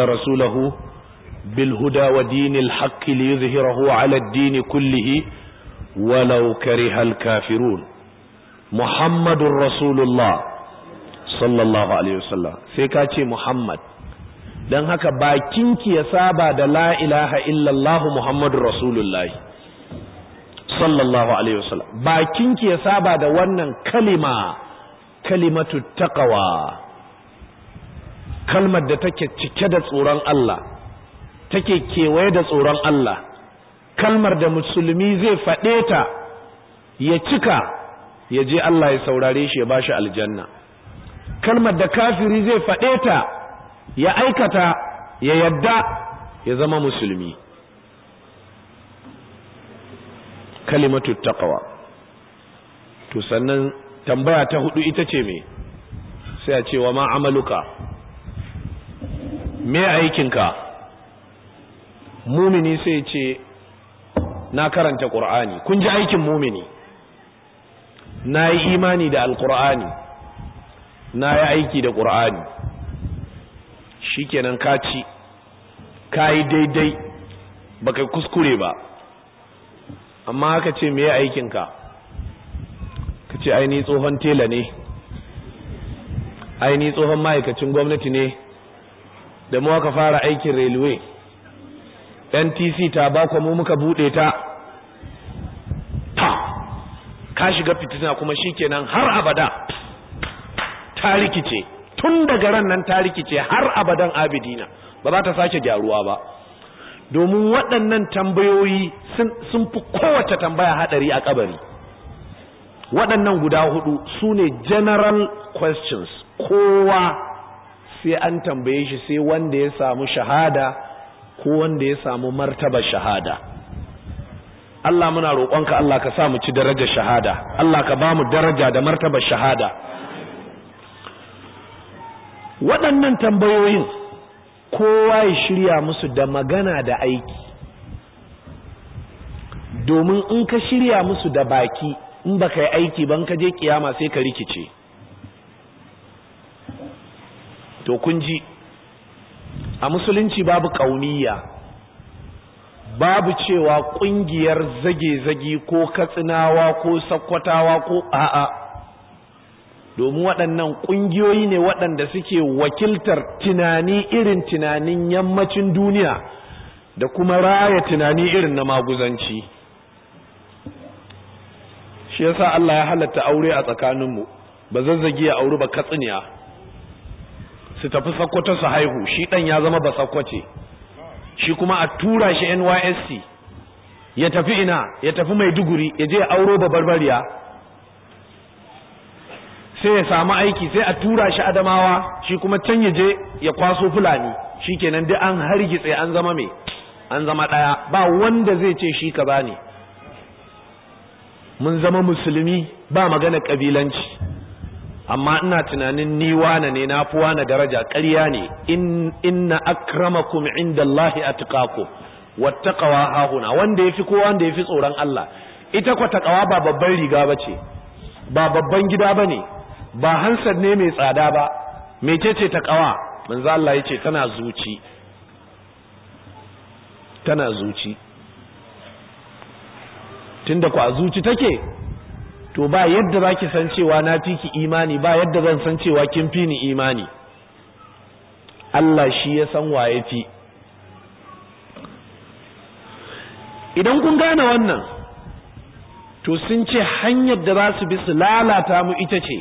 رسوله بالهدى ودين الحق ليظهره على الدين كله ولو كره الكافرون محمد رسول الله صلى الله عليه وسلم سيكاتي محمد dan haka bakinki ya saba da la ilaha illallah muhammadur rasulullahi sallallahu alaihi wasallam bakinki ya saba da wannan kalima kalimatu taqwa kalmar da take cike da tsoron Allah take kewaye da tsoron Allah kalmar da musulmi zai faɗe ta ya cika ya je Allah ya saurare shi ya ba shi aljanna kalmar da kafiri zai faɗe ta ya aikata ya yadda ya zama musulmi kalimatu taqwa to sannan tambaya ta hudu ita ce me sai a ce wa ma amaluka me aikinka mumini sai ce na karanta ƙur'ani kun ji aikin mumini na yi imani da alƙur'ani na yi aiki da ƙur'ani shi kenan ka ci ka yi daidai ba kai kuskure ba amma ka ce me aikinka ka ce aini tsohon tela ne aini tsohon ma'aikacin gwamnati ne da mu aka fara aikin railway ntc ta bakwa mu muka bude ta ka shiga fitina kuma shikenan har abada ta rikice tun daga ran nan ta rikice har abadan abidina ba za ta sake gyaruwa ba domin waɗannan tambayoyi sun fi kowace tambaya haɗari a kabari waɗannan guda hudu su ne general questions kowa sai an tambaye shi sai wanda ya samu shahada ko wanda ya samu martaba shahada Allah muna roƙonka Allah ka sa mu ci darajar shahada Allah ka ba mu daraja da martaba shahada waɗannan tambayoyin kowa ya shirya musu da magana da aiki domin in ka shirya musu da baki in ka yi aiki ban ka je kiyama sai ka rikice to kun ji a musulunci babu kauniya babu cewa kungiyar zage-zage ko katsinawa ko sakkwatawa ko a'a domin waɗannan ƙungiyoyi ne waɗanda suke wakiltar tunani irin tunanin yammacin duniya da kuma raya tunani irin na maguzanci shi yasa Allah ya halatta aure a tsakaninmu ba zazzage ya auri ba katsiniya su tafi sakkwato su haihu shi ɗan ya zama ba sakkwace shi kuma a tura shi nysc ya tafi ina ya tafi maiduguri ya je auro ba barbariya sai ya samu aiki sai a tura shi adamawa shi kuma can ya je ya kwaso fulani shi kenan duk an hargitse an zama mai an zama ɗaya ba wanda zai ce shi ka ba ne mun zama musulmi ba magana kabilanci. amma ina tunanin ni wane ne na fi wane daraja ƙarya ne inna akramakum indallahi wata wattaqwa hahuna wanda ya fi ko wanda ya fi tsoron Allah ita kwa ta ƙawa ba babban riga ba ce, ba babban gida bane ba hansar ne mai tsada ba mecece taqwa manzo Allah ce tana zuci tana zuci tunda kwa zuci take to ba yadda za ki san cewa na fi ki imani ba yadda zan san cewa kin fi ni imani Allah shi ya san waye fi idan kun gane wannan to sun ce hanyar da za su bi su lalata mu ita ce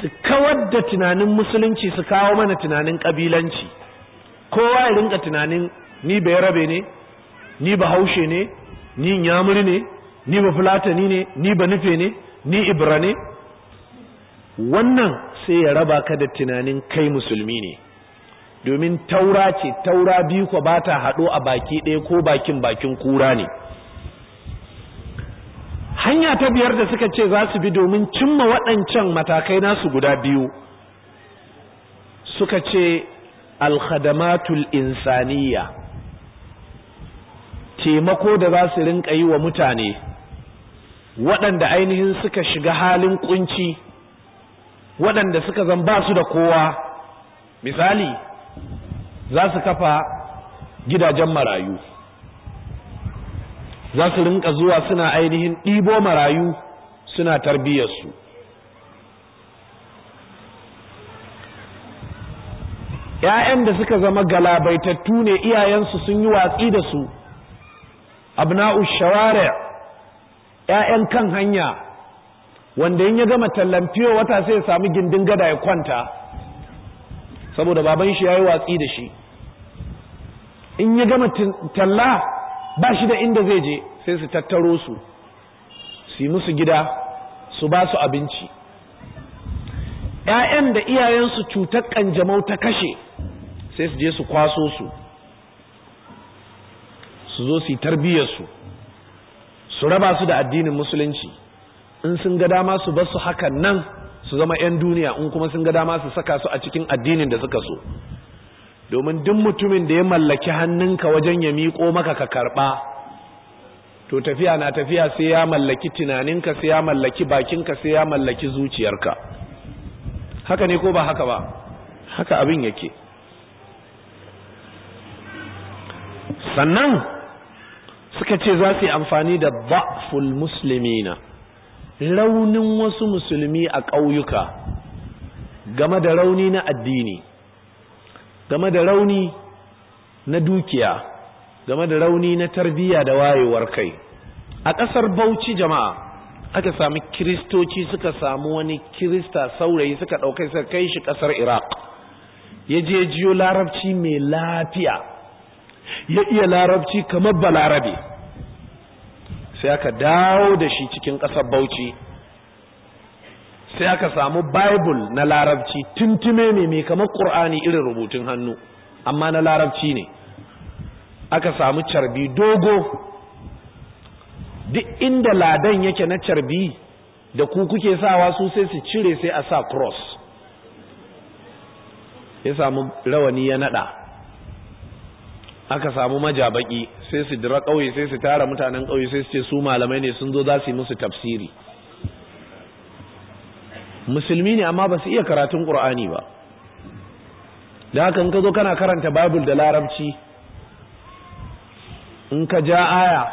su kawar da tunanin musulunci su kawo mana tunanin kabilanci kowa ya rinka tunanin ni bai rabe ne ni bahaushe ne ni yamuri ne ni ba fulatani ne ni ba nufe ne ni Ibrahim wannan sai ya raba ka da tunanin kai musulmi ne domin taura ce taura biyu ko ba ta haɗo a baki ɗaya ko bakin bakin kura ne hanya ta biyar da suka ce za su bi domin cimma waɗancan matakai nasu guda biyu suka ce alkhadamatul insaniya taimako da za su rinka yi wa mutane waɗanda ainihin suka shiga halin kunci waɗanda suka zan ba su da kowa misali za su kafa gidajen marayu za su rinka zuwa suna ainihin ɗibo marayu suna tarbiyyarsu ‘ya'yan da suka zama galabaitattu ne iyayensu sun yi watsi da su abna'u shawara 'ya'yan kan hanya wanda in ya gama tallan wata sai ya sami gindin gada ya kwanta saboda baban shi ya yi watsi da shi in ya gama talla ba shi da inda zai je sai su tattaro su su yi musu gida su ba su abinci ‘ya'yan da iyayensu cutar ƙanjamau ta kashe sai su je su kwaso su su zo su yi tarbiyyarsu su raba su da addinin musulunci in sun ga dama su bar su hakan nan su zama 'yan duniya in kuma sun ga dama su saka su a cikin addinin da suka so domin duk mutumin da ya mallaki hannunka wajen ya miƙo maka ka karɓa to tafiya na tafiya sai ya mallaki tunaninka sai ya mallaki bakinka sai ya mallaki zuciyarka haka ne ko ba haka ba haka abin yake sannan suka ce za su yi amfani da ba'ful musulmi na. raunin wasu musulmi a ƙauyuka game da rauni na addini game da rauni na dukiya game da rauni na tarbiyya da wayewar kai a ƙasar bauchi jama'a aka sami kiristoci suka samu wani kirista saurayi suka ɗaukai suka kai shi ƙasar iraq ya je jiyo larabci mai lafiya ya iya larabci kamar balarabe sai aka dawo da shi cikin ƙasar bauchi sai aka samu bible na larabci tuntume ne mai kamar ƙur'ani irin rubutun hannu amma na larabci ne aka samu carbi dogo duk inda ladan yake na carbi da ku kuke sawa su sai su cire sai a sa cross ya samu rawani ya nada aka samu majabaki sai su dira ƙauye sai su tara mutanen ƙauye sai su ce su malamai ne sun zo za su yi musu tafsiri musulmi ne amma ba su iya karatun ƙur'ani ba da haka in ka zo kana karanta babul da larabci in ka ja aya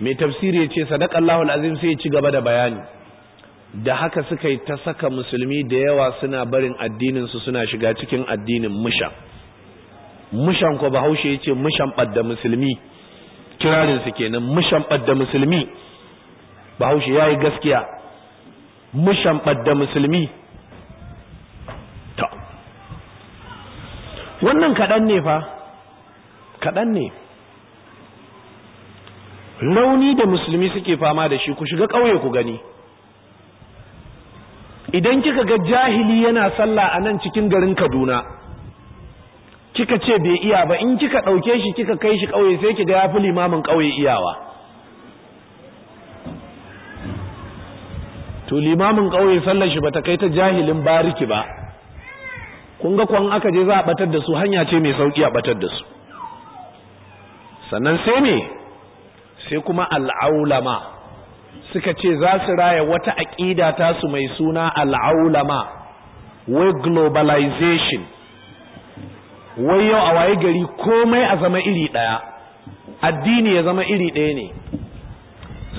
mai tafsiri ya ce allahul azim sai ya ci gaba da bayani da haka suka yi ta saka musulmi da yawa suna barin addininsu suna shiga cikin addinin musha mushan ko bahaushe ya ce mushan ɓadda musulmi kirarinsu kenan mushan ɓadda musulmi bahaushe ya yi gaskiya mushan ɓadda musulmi ta wannan kaɗan ne fa kaɗan ne launi da musulmi suke fama da shi ku shiga ƙauye ku gani idan kika ga jahili yana sallah a nan cikin garin kaduna kika ce bai iya ba in kika ɗauke shi kika kai shi ƙauye sai kiga ya fi limamin ƙauye iyawa to limamin ƙauye sallar shi bata kai ta jahilin bariki ba kun ga kwan aka je za a batar da su hanya ce mai sauƙi a batar da su sannan sai me sai kuma al'aulama suka ce za su raya wata aƙida tasu mai suna al'aulama wai globalization wai yau a waye gari komai a zama iri ɗaya addini ya zama iri ɗaya ne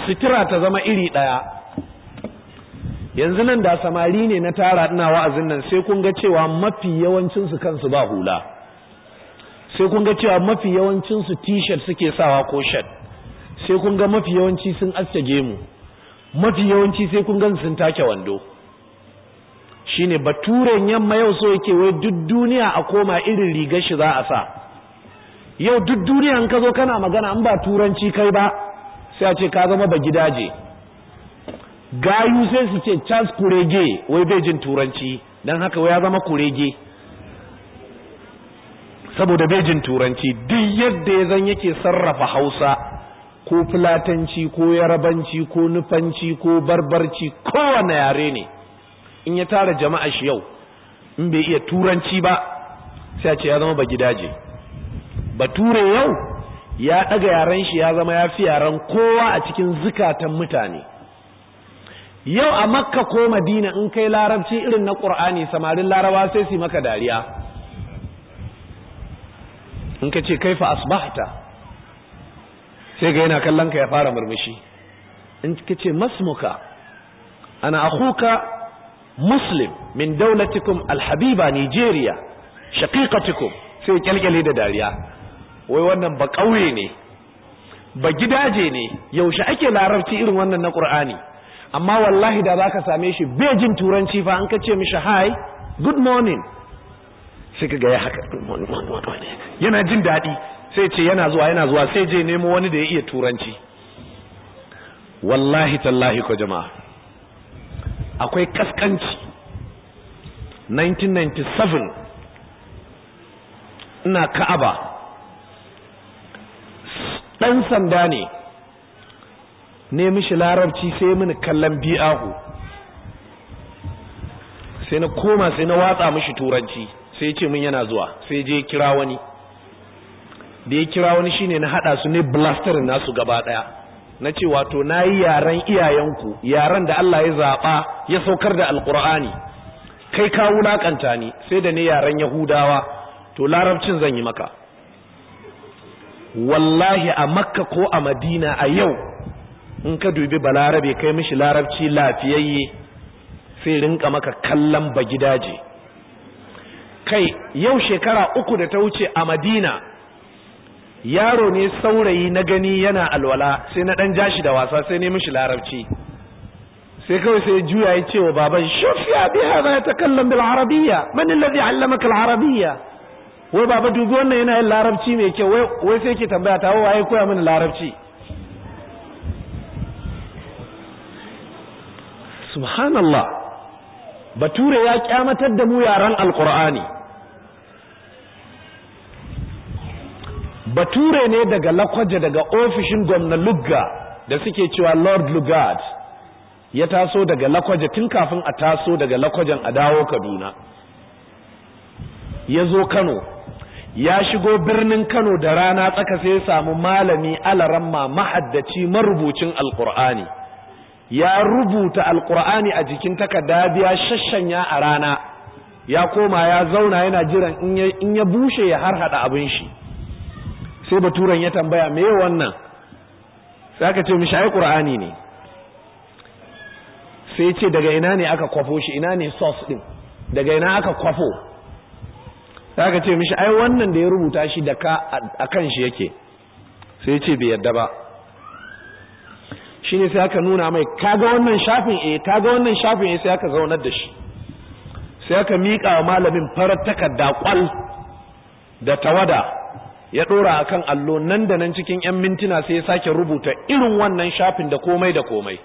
sitira ta zama iri ɗaya yanzu nan da samari ne na tara ina wa'azin nan sai kun ga cewa mafi yawancinsu kansu ba hula sai kun ga cewa mafi yawancinsu t-shirt suke sawa ko shirt sai kun ga mafi yawanci sun aske gemu mafi yawanci sai kun gan sun take wando shine baturen yamma yau so yake wai duk duniya a koma irin rigar shi za a sa yau duk duniya in ka zo kana magana an ba turanci kai ba sai a ce ka zama ba gidaje gayu sai su ce Charles kurege wai bai jin turanci dan haka wai ya zama kurege saboda bai jin turanci duk yadda ya zan yake sarrafa Hausa ko fulatanci ko yarabanci ko nufanci ko barbarci kowane yare ne in ya tara jama'a shi yau in bai iya turanci ba sai ce ya zama ba gidaje ture yau ya daga yaren shi ya zama ya fi yaran kowa a cikin zukatan mutane yau a makka ko madina in kai larabci irin na ƙur'ani samarin larawa sai su maka dariya in ka ce kaifa asbahta sai ga yana kallon ka ya fara murmushi in ka ce masmuka ana akuka muslim min daulatikum alhabiba nigeria shaqiqatikum sai kyalkyale da dariya wai wannan ba kauye ne ba gidaje ne yaushe ake larabci irin wannan na qur'ani amma wallahi da zaka same shi bai jin turanci fa an kace mishi hi good morning sai kaga ya haka yana jin dadi sai ce yana zuwa yana zuwa sai je nemo wani da ya iya turanci wallahi tallahi ko jama'a akwai kaskanci 1997 ina ka'aba ɗan sanda ne ne mishi larabci sai mini kallon biyahu sai na koma sai na watsa mishi turanci sai ce min yana zuwa sai je kira wani da ya kira wani shine na hada su ne blaster nasu gaba daya na ce wato na yi yaren iyayenku yaren da Allah ya zaɓa ya saukar da alƙur'ani kai ka wulaƙanta ni sai da ni yaren yahudawa to larabcin zan yi maka wallahi a makka ko a madina a yau in ka dubi balarabe kai mishi larabci lafiyayye sai rinka maka kallon bagidaje kai yau shekara uku da ta wuce a madina yaro ne saurayi na gani yana alwala sai na dan jashi da wasa sai ne mishi larabci sai kawai sai juya ya ce wa baban shuf ya bi hada ya takallam bil arabiyya man alladhi allamaka al arabiyya wai baba dubi wannan yana yin larabci mai kyau wai sai ke tambaya ta waye koya mini larabci subhanallah bature ya kyamatar da mu yaran alqur'ani bature ne daga lakwaje daga ofishin gwamna lugga da suke cewa lord lugard ya taso daga lakwaje tun kafin a taso daga lakwajen a dawo kaduna ya zo kano ya shigo birnin kano da rana tsaka sai ya samu malami alaramma mahaddaci marubucin alkur'ani ya rubuta alkur'ani a jikin takarda biya shashanya a rana ya koma ya zauna yana jiran in ya bushe ya harhaɗa abin shi sai baturan ya tambaya me wannan sai aka ce mishi ai qur'ani ne sai ce daga ina ne aka kwafo shi ina ne source din daga ina aka kwafo sai aka ce mishi ai wannan da ya rubuta shi da ka akan shi yake sai ce bai yadda ba shine sai aka nuna mai kaga wannan shafin eh kaga wannan shafin eh sai aka zaunar da shi sai aka miƙa wa malamin farar takarda kwal da tawada ya ɗora a kan allo nan da nan cikin yan mintuna sai ya sake rubuta irin wannan shafin da komai da komai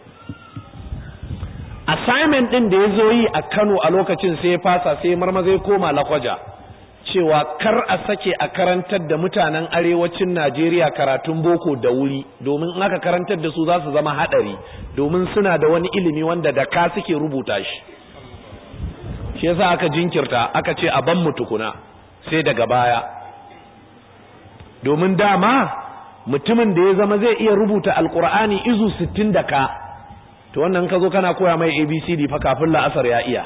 assignment ɗin da ya zo yi a Kano a lokacin sai ya fasa sai marmazai koma lakwaja cewa kar a sake a karantar da mutanen arewacin Najeriya karatun boko da wuri domin in aka karantar da su za su zama hadari domin suna da wani ilimi wanda da ka suke rubuta shi shi yasa aka jinkirta aka ce a ban mu tukuna sai daga baya domin dama mutumin da ya zama zai iya rubuta alkur'ani izu sittin da ka to wannan ka zo kana koya mai abcd fa kafin la'asar ya iya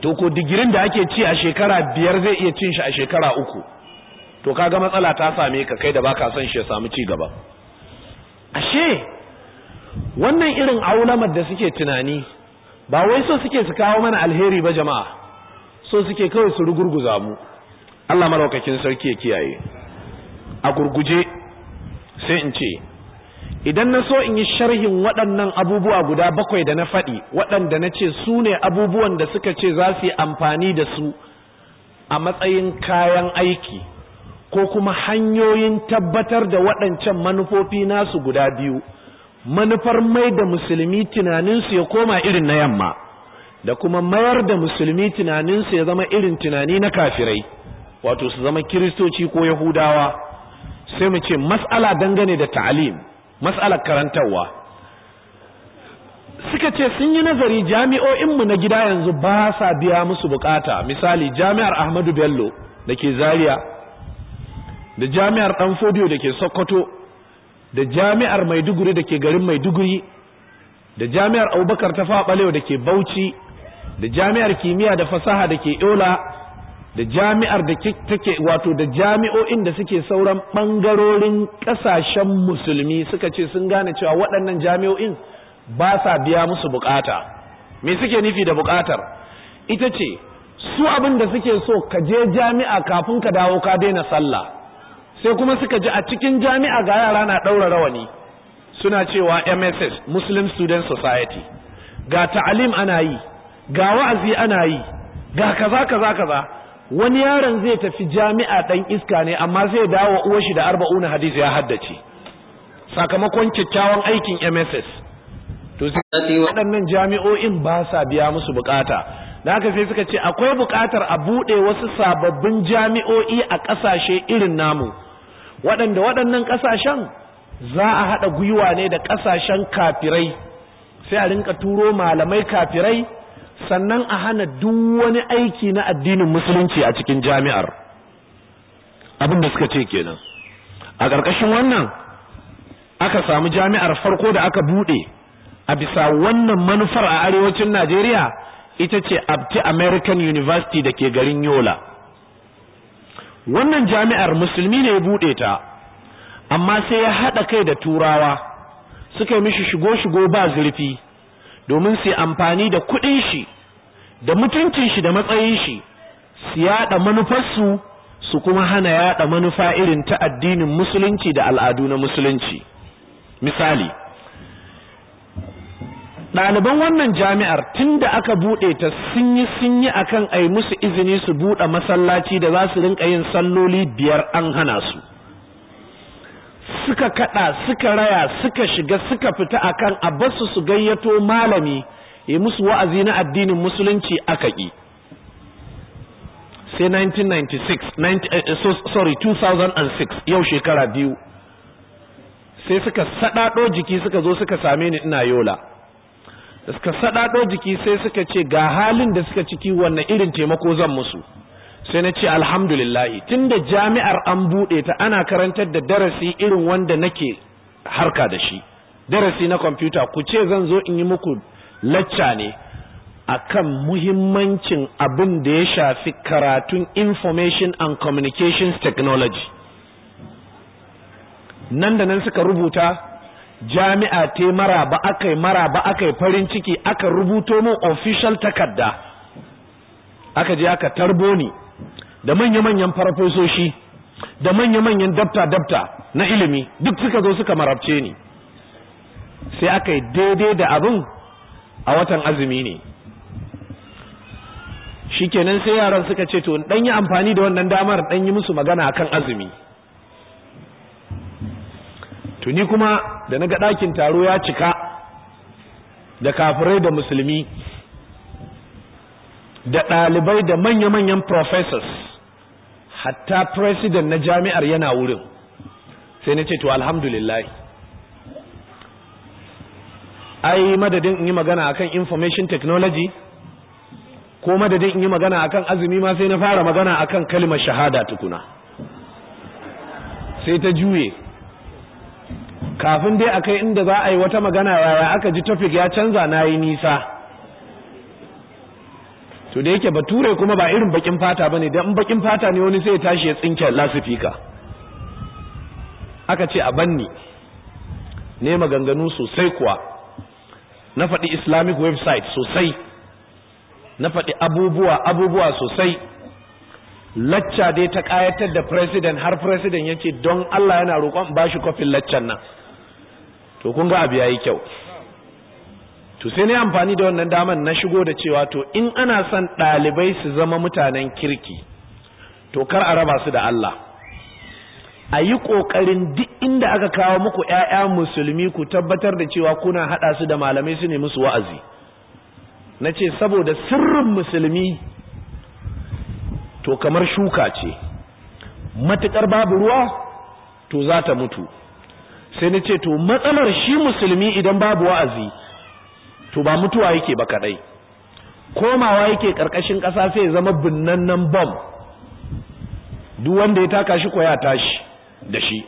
to ko digirin da ake ci a shekara biyar zai iya cin shi a shekara uku to ka ga matsala ta same ka kai da baka son shi ya samu ci gaba ashe wannan irin aulamar da suke tunani ba wai so suke su kawo mana alheri ba jama'a so suke kawai su rugurguza mu Allah maraukakin sarki ya kiyaye a gurguje sai in ce idan na so in yi sharhin waɗannan abubuwa guda bakwai da na faɗi waɗanda na ce su ne abubuwan da suka ce za su yi amfani da su a matsayin kayan aiki ko kuma hanyoyin tabbatar da waɗancan manufofi nasu guda biyu manufar mai da musulmi tunaninsu ya koma irin na yamma da kuma mayar da musulmi tunaninsu ya zama irin tunani na kafirai wato su zama kiristoci ko yahudawa sai mu ce mas'ala dangane da ta'alim mas'alar karantarwa suka ce sun yi nazari jami'o'inmu na gida yanzu ba sa biya musu bukata misali jami'ar ahmadu bello da ke zaria da jami'ar danfodiyo da ke sokoto da jami'ar maiduguri da ke garin maiduguri da jami'ar abubakar ta faɓalewa da ke bauchi da jami'ar kimiyya da fasaha da ke yola da jami'ar da take wato da jami'o'in da suke sauran ɓangarorin ƙasashen musulmi suka ce sun gane cewa waɗannan jami'o'in ba sa biya musu bukata me suke nufi da bukatar ita ce su abin da suke so ka je jami'a kafin ka dawo ka daina sallah sai kuma suka ji a cikin jami'a ga yara na ɗaura rawani suna cewa MSS Muslim Student Society ga ta'alim ana yi ga wa'azi ana yi ga kaza kaza kaza wani yaron zai tafi jami'a ɗan iska ne amma zai dawo uwar shi da arba'u na hadisi ya haddace sakamakon kyakkyawan aikin MSS to sai waɗannan jami'o'in ba sa biya musu bukata da haka sai suka ce akwai bukatar a buɗe wasu sababbin jami'o'i a ƙasashe irin namu waɗanda waɗannan ƙasashen za a haɗa gwiwa ne da ƙasashen kafirai sai a rinka turo malamai kafirai sannan a hana duk wani aiki na addinin musulunci a cikin jami'ar abin da suka ce kenan a ƙarƙashin wannan aka samu jami'ar farko da aka buɗe a bisa wannan manufar a arewacin Najeriya ita ce Abti American University da ke garin Yola wannan jami'ar musulmi ne ya buɗe ta amma sai ya haɗa kai da turawa suka yi mishi shigo-shigo ba zurfi domin su yi amfani da kuɗin shi da mutuncin shi da matsayin shi su yaɗa manufarsu su kuma hana yaɗa manufa irin ta addinin musulunci da al'adu na musulunci misali ɗaliban wannan jami'ar tunda aka buɗe ta sun yi sun yi akan a musu izini su buɗe masallaci da za su rinka yin salloli biyar an hana su suka kada suka raya suka shiga suka fita akan a basu su gayyato malami ya musu wa'azi na addinin musulunci aka yi. sai 1996 eh, eh, sorry 2006 yau shekara biyu sai suka saɗaɗo jiki suka zo suka same ni ina yola da suka saɗaɗo jiki sai suka ce ga halin da suka ciki wannan irin taimako zan musu sai na ce alhamdulillahi da jami'ar an buɗe ta ana karantar da darasi irin wanda nake harka da shi darasi na kwamfuta ku ce zan zo in yi muku lacca ne a kan muhimmancin abin da ya shafi karatun information and communications technology nan da nan suka rubuta jami'a te maraba aka yi maraba aka yi farin ciki aka rubuto min official takarda aka je aka tarbo ni da manya-manyan farfesoshi da manya-manyan dabta-dabta na ilimi duk suka zo suka marabce ni sai aka yi daidai da abin a watan azumi ne shikenan sai yaran suka ce to dan yi amfani da wannan damar dan yi musu magana kan azumi tuni kuma da na ga ɗakin taro ya cika da kafirai da musulmi da ɗalibai da manya-manyan professors hatta president na jami'ar yana wurin sai na ce to alhamdulillah ai madadin in yi magana akan information technology ko madadin in yi magana akan azumi ma sai na fara magana akan kalmar shahada tukuna sai ta juye kafin dai akai inda za a yi wata magana yaya aka ji topic ya canza na yi nisa to da yake bature kuma ba irin bakin fata bane dan bakin fata ne wani sai tashi ya tsinke lasifika aka ce a banni ne maganganu sosai kuwa na faɗi islamic website sosai na faɗi abubuwa abubuwa sosai lacca dai ta kayatar da president har president yace don Allah yana roƙon ba shi kofin laccan nan to kun ga abu ya yi kyau to sai ne amfani da wannan daman na shigo da cewa to in ana son ɗalibai su zama mutanen kirki to kar a raba su da Allah a yi ƙoƙarin duk inda aka kawo muku ‘ya'ya musulmi ku tabbatar da cewa kuna haɗa su da malamai su ne musu wa'azi na ce saboda sirrin musulmi to kamar shuka ce matuƙar babu ruwa to za ta mutu sai na ce to matsalar shi musulmi idan babu wa'azi to ba mutuwa yake ba kadai komawa yake karkashin ƙasa sai ya zama binnannan bom duk wanda ya taka shi ko ya tashi da shi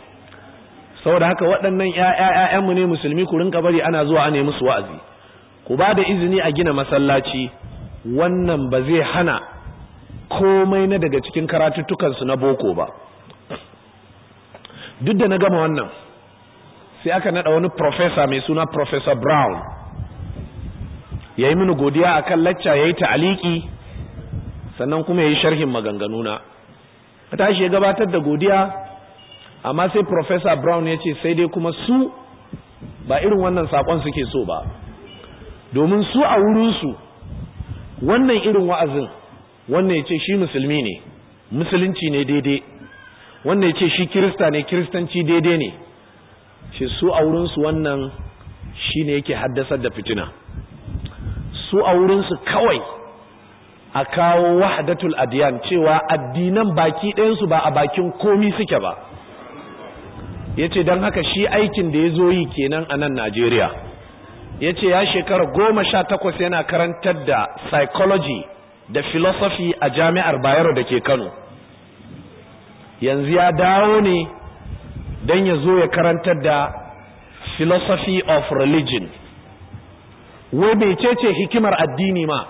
saboda haka waɗannan mu ne musulmi ku rinka bari ana zuwa ana musu wa'azi ku ba da izini a gina masallaci wannan ba zai hana komai na daga cikin karatuttukansu na boko ba duk da na gama wannan sai aka naɗa wani profesa mai suna profesa brown ya yi mini godiya a kan lacca ya yi ta'aliki sannan kuma ya yi sharhin maganganuna tashi ya gabatar da godiya amma sai professor Brown ya ce sai dai kuma su ba irin wannan sakon suke so ba domin su a wurinsu wannan irin wa'azin wannan ya ce shi musulmi ne musulunci ne daidai wannan ya ce shi kirista ne kiristanci daidai ne shi su a wurinsu wannan shi ne yake haddasar da fitina su a wurinsu kawai a kawo wahadatul adiyan cewa addinan baki ɗayansu ba a bakin komi suke ba ya ce don haka shi aikin da ya zo yi kenan a nan najeriya ya ce ya shekara goma sha takwas yana karantar da psychology da philosophy a jami'ar bayero da ke kano yanzu ya dawo ne don ya zo ya karantar da philosophy of religion wai bai ce ce hikimar addini ma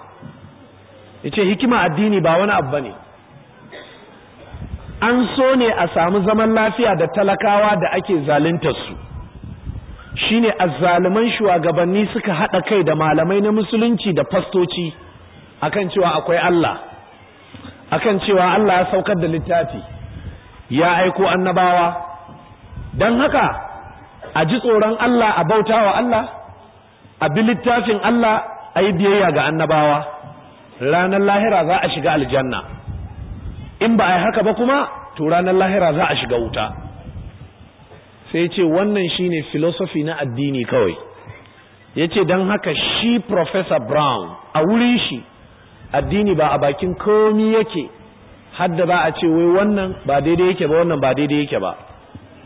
ya ce hikimar addini ba wani abu ne an so ne a samu zaman lafiya da talakawa da ake zaluntar su shine azzaluman shugabanni suka haɗa kai da malamai na musulunci da fastoci akan cewa akwai Allah akan cewa Allah ya saukar da littafi ya aiko annabawa don haka a ji tsoron Allah a bauta wa Allah a littafin Allah a yi biyayya ga annabawa ranar lahira za a shiga aljanna in ba a yi haka ba kuma to ranar lahira za a shiga wuta sai ce wannan shine filosofi na addini kawai ya ce don haka shi professor brown a wurin shi addini ba a bakin komi yake hadda ba a ce wai wannan ba daidai yake ba wannan ba daidai yake ba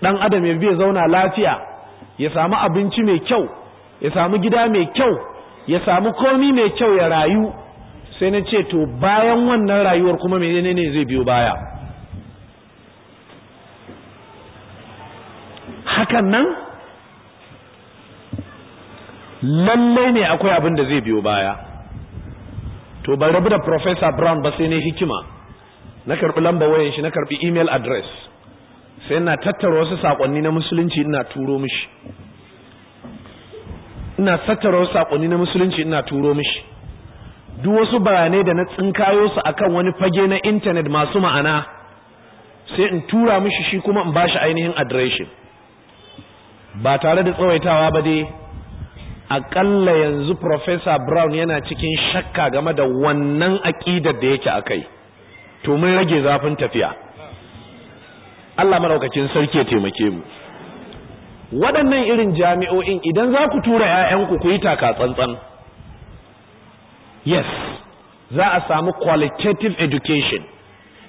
dan adam ya biya zauna lafiya ya samu abinci mai kyau ya samu gida mai kyau ya samu komi mai kyau ya rayu sai na ce to bayan wannan rayuwar kuma menene zai biyo baya hakan nan lallai ne akwai abin da zai biyo baya to ban rabu da professor brown ba sai ne hikima na karbi lamba wayan shi na karbi email address sai na tattara wasu sakonni na musulunci ina turo mishi ina tattara wasu sakonni na musulunci ina turo mishi duk wasu bayanai da na tsinkayo su akan wani fage na intanet masu ma'ana sai in tura mishi shi kuma in ba shi ainihin adireshin ba tare da tsawaitawa ba dai akalla yanzu Professor Brown yana cikin shakka game da wannan aƙidar da yake a kai. to mun rage zafin tafiya Allah madaukakin sarki ya taimake mu waɗannan irin jami'o'in idan za ku tura 'ya'yanku ku yi taka tsantsan yes za a samu qualitative education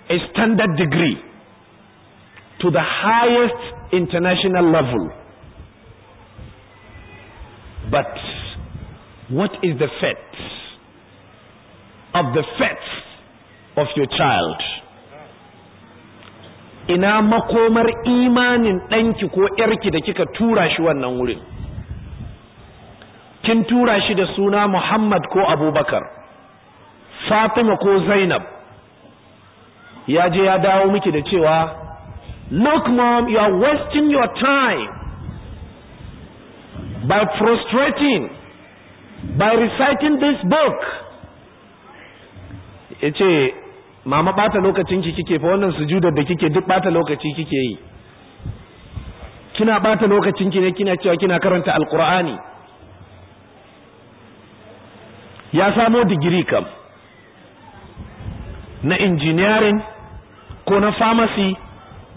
a standard degree to the highest international level but what is the fate of the fate of your child ina makomar imanin ɗanki ko ‘yarki da kika tura shi wannan wurin kin tura shi da suna Muhammad ko Abubakar Fatima ko Zainab ya je ya dawo miki da cewa look mom you are wasting your time by frustrating by reciting this book yace mama bata lokacin ki kike fa wannan sujuda da kike duk bata lokaci kike yi kina bata lokacin ki ne kina cewa kina karanta alqur'ani ya samo digiri kam na engineering ko na pharmacy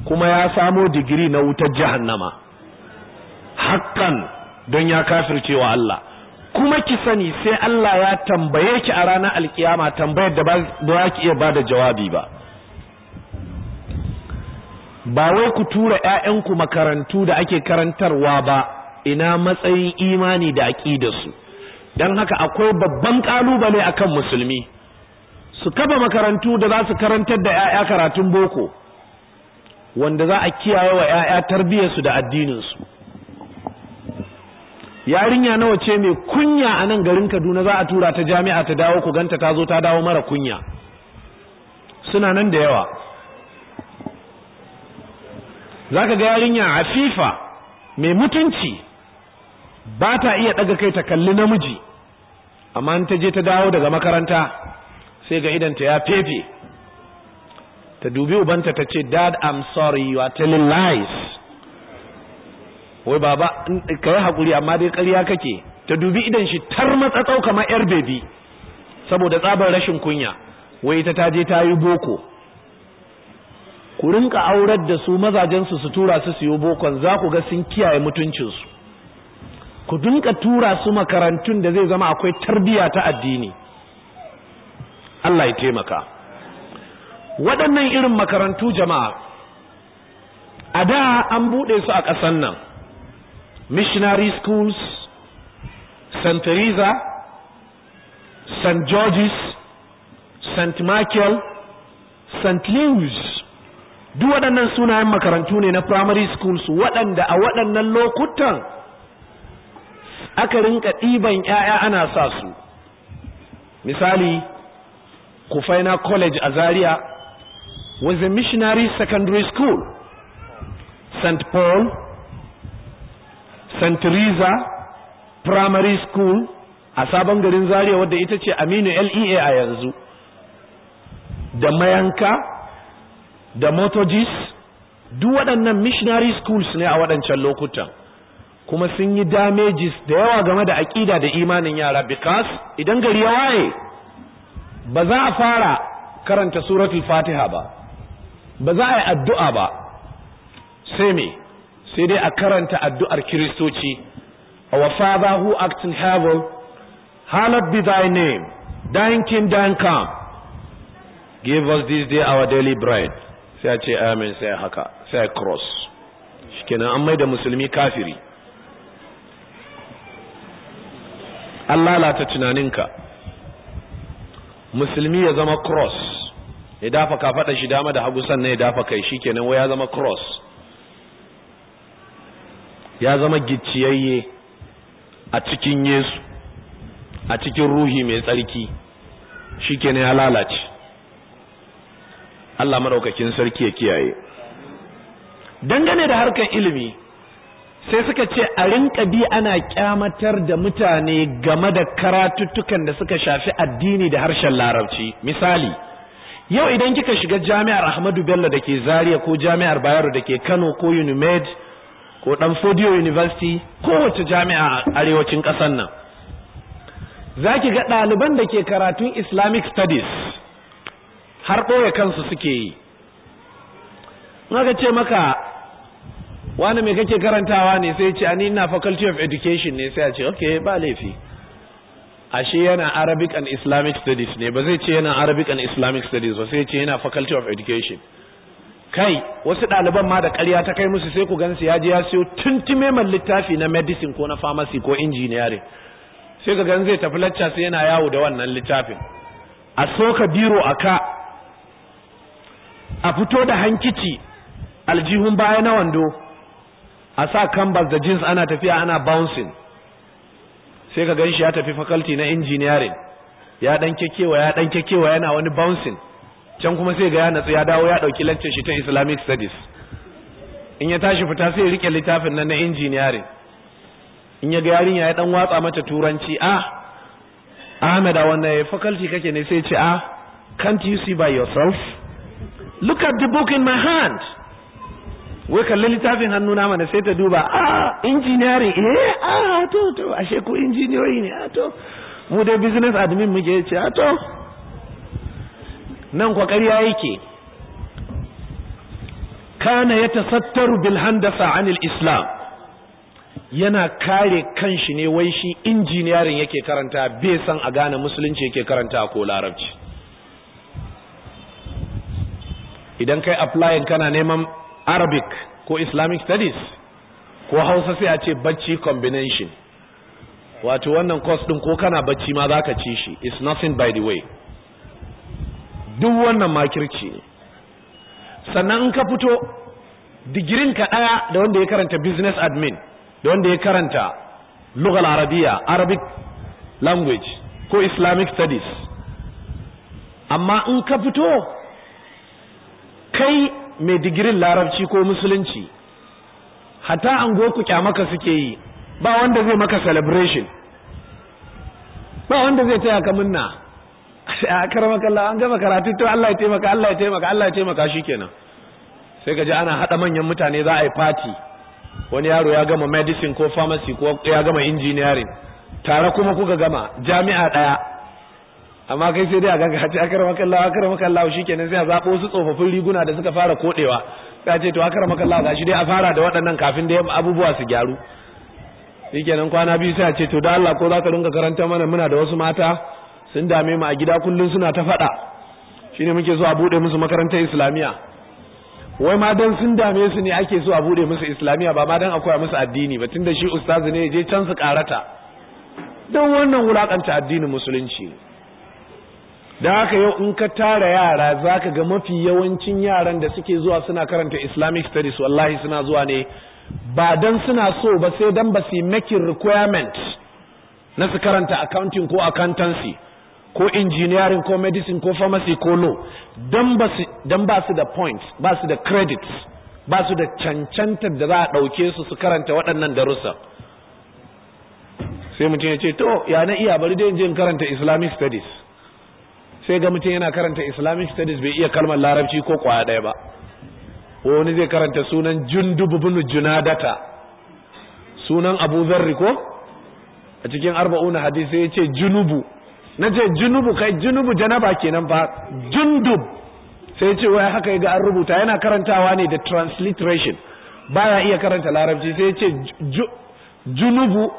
kuma ya samo digiri na wutar jahannama hakan don ya kafircewa Allah kuma ki sani sai Allah ya tambaye ki a ranar alkiyama tambayar da ba ki iya bada jawabi ba ba wai ku tura ƴaƴanku makarantu da ake karantarwa ba ina matsayin imani da su. dan haka akwai babban kalubale akan musulmi su kafa makarantu da za su karantar da 'ya'ya karatun boko wanda za a kiyaye wa 'ya'ya tarbiyyarsu da addininsu yarinya nawa ce mai kunya a nan garin Kaduna za a tura ta jami'a ta dawo ku ganta ta zo ta dawo mara kunya suna nan da yawa zaka ga yarinya afifa mai mutunci ba ta iya daga kai ta kalli namiji amma in ta je ta dawo daga makaranta sai ga idanta ya fefe ta dubi ubanta ta ce dad i'm sorry you are telling lies wai baba ka yi haƙuri amma dai ƙarya kake ta dubi idan shi tar matsatsau kamar yar bebi saboda tsabar rashin kunya wai ta taje ta yi boko ku rinka aurar da su mazajensu su tura su siyo bokon za ku ga sun kiyaye mutuncinsu ku dinka tura su makarantun da zai zama akwai tarbiya ta addini Allah ya taimaka waɗannan irin makarantu jama'a a da an buɗe su a ƙasan nan missionary schools, St. Teresa, St. George's, St. Michael, St. Louis. Duk waɗannan sunayen makarantu ne na primary schools waɗanda a waɗannan lokutan aka rinka ɗiban ‘ya'ya ana sa su. Misali, Kufaina College a Zaria was a missionary secondary school. St. Paul, st teresa primary school a sabon garin zaria wadda ita ce aminu lea a yanzu da mayanka da motogis duk waɗannan missionary schools ne a waɗancan lokutan kuma sun yi damages da yawa game da aƙida da imanin yara because idan gari ya waye ba za a fara karanta suratul fatiha ba ba za a yi addu'a ba sai me sai dai a karanta addu'ar kiristoci our father who acts in heaven hallowed be thy name thine kingdom come give us this day our daily bread sai a ce amin sai haka sai cross shikenan an mai da musulmi kafiri an lalata tunaninka musulmi ya zama cross ya dafa kafaɗa shi dama da hagu sannan ya dafa kai shikenan wa ya zama cross ya zama gicciyayye a cikin Yesu a cikin ruhi mai tsarki shikenan ya lalace Allah madaukakin sarki ya kiyaye dangane da harkar ilimi sai suka ce a rinka bi ana kyamatar da mutane game da karatuttukan da suka shafi addini da harshen larabci misali yau idan kika shiga jami'ar Ahmadu Bello da ke Zaria ko jami'ar Bayero da ke Kano ko Unimed ko dan university University kowace jami'a a arewacin ƙasar nan zaki ga ɗaliban da ke karatun Islamic Studies har ɓoye kansu suke yi aka ce maka wani mai kake karantawa ne sai ce ni na faculty of education ne sai a ce okay ba laifi ashe yana Arabic and Islamic studies ne ba zai ce yana Arabic and Islamic studies ba sai ce yana faculty of education kai wasu ɗaliban ma da ƙarya ta kai musu sai ku gansu ya ji ya siyo tuntume man littafi na medicine ko na pharmacy ko engineering sai ka gan zai tafi lacca sai yana yawo da wannan littafin a soka biro a ka a fito da hankici aljihun baya na wando a sa canvas da jeans ana tafiya ana bouncing sai ka gan shi ya tafi faculty na engineering ya dan kekewa ya dan kekewa yana wani bouncing can kuma sai ga ya natsu ya dawo ya dauki lecture shi ta Islamic studies in ya tashi fita sai rike littafin nan na engineering in ya ga yarinya ya dan watsa mata turanci a ah, Ahmed a wannan faculty kake ne sai ce a ah, can't you see by yourself look at the book in my hand wai kalli littafin hannu na mana sai ta duba a ah, engineering eh a to to ashe ko injiniyoyi ne a to mu dai business admin muke ce a to nan kwa ƙarya yake kana ya tasattaru bil handasa anil islam yana kare kan shi ne wai shi injiniyarin yake karanta bai san a gane musulunci yake karanta ko larabci idan kai applying kana neman arabic ko islamic studies ko hausa sai a ce bacci combination wato wannan course din ko kana bacci ma zaka ci shi it's nothing by the way duk wannan makirci sannan in ka fito digirin ka ɗaya da wanda ya karanta business admin da wanda ya karanta lugal arabiya arabic language ko islamic studies amma in ka fito kai mai digirin larabci ko musulunci hata an goku kyamaka suke yi ba wanda zai maka celebration ba wanda zai taya ka munna a karama kalla an gama karatu to Allah ya taimaka Allah ya taimaka Allah ya taimaka kenan sai ka ji ana hada manyan mutane za a yi party wani yaro ya gama medicine ko pharmacy ko ya gama engineering tare kuma kuka gama jami'a daya amma kai sai dai a ganka ce akar makalla akar shi kenan sai a zabo su tsofaffin riguna da suka fara kodewa sai ce to akar makalla gashi dai a fara da waɗannan kafin da abubuwa su gyaru kenan kwana biyu sai a ce to da Allah ko za ka dinga karanta mana muna da wasu mata sun dame mu a gida kullum suna ta faɗa shine muke so a buɗe musu makarantar islamiyya wai ma dan sun dame su ne ake so a buɗe musu islamiyya ba ma dan akwai musu addini ba da shi ustazi ne je can su karata don wannan wulakanta addinin musulunci da haka yau in ka tara yara za ka ga mafi yawancin yaran da suke zuwa suna karanta islamic studies wallahi suna zuwa ne ba don suna so ba sai don ba su making requirement na su karanta accounting ko accountancy ko engineering ko medicine ko pharmacy ko law don ba su da points ba su da credits ba su da cancantar da za a ɗauke su su karanta waɗannan darussa sai mutum ya ce to ya na iya bari dai in karanta islamic studies sai ga mutum yana karanta islamic studies bai iya kalmar larabci ko kwaya ɗaya ba wani zai karanta sunan jundububun junadata sunan abu zarri ko a cikin arba'una hadisi ya ce junubu na ce junubu kai junubu janaba kenan ba jundub sai ce wai haka ga an rubuta yana karantawa ne da transliteration baya iya karanta larabci sai ce junubu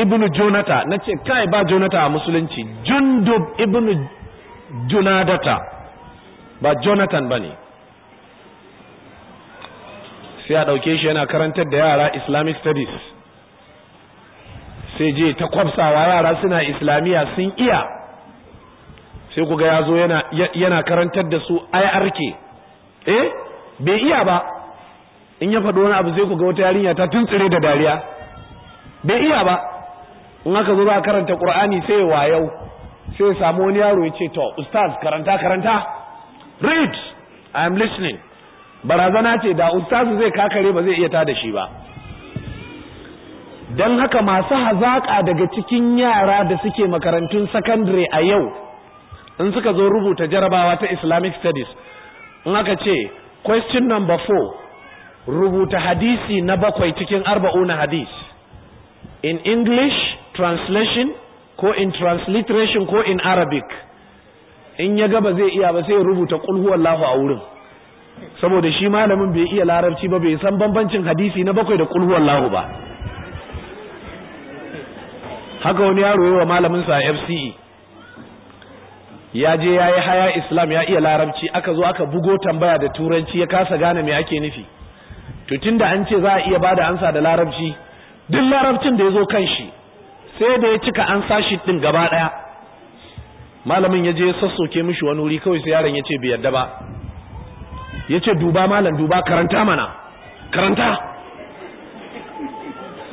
ibnu jonata na ce kai ba jonata a musulunci jundub ibnu junadata ba jonathan ba ne sai a ɗauke shi yana karantar da yara islamic studies sai je ta kwafsawa yara suna islamiyya sun iya sai ku ya zo yana karantar da su irk eh bai iya ba in ya faɗo wani abu sai kuga wata yarinya ta tuntsire da dariya bai iya ba in aka zo ba karanta ƙur'ani sai wayau sai ya samu wani yaro ya ce to ustaz karanta karanta read i am listening barazana ce da ustaz zai kakare ba zai iya ta da shi ba don haka masu hazaƙa daga cikin yara da suke makarantun sakandare a yau in suka zo rubuta jarabawa ta islamic studies in aka ce question number four rubuta hadisi na bakwai cikin arba'una hadis in english translation ko in transliteration ko in arabic in ya gaba zai iya ba sai rubuta ƙulhuwar Lahu a wurin saboda shi malamin bai iya larabci ba bai san bambancin hadisi na bakwai da Lahu ba haka wani yaro yi wa malaminsa a fce ya je ya yi haya islam ya iya larabci aka zo aka bugo tambaya da turanci ya kasa gane me ake nufi to tunda an ce za a iya ba da ansa da larabci duk larabcin da ya zo kan shi sai da ya cika an sashi din gaba daya malamin ya je ya sassoke mishi wani wuri kawai sai yaron ya ce bai yadda ba ya ce duba malam duba karanta mana karanta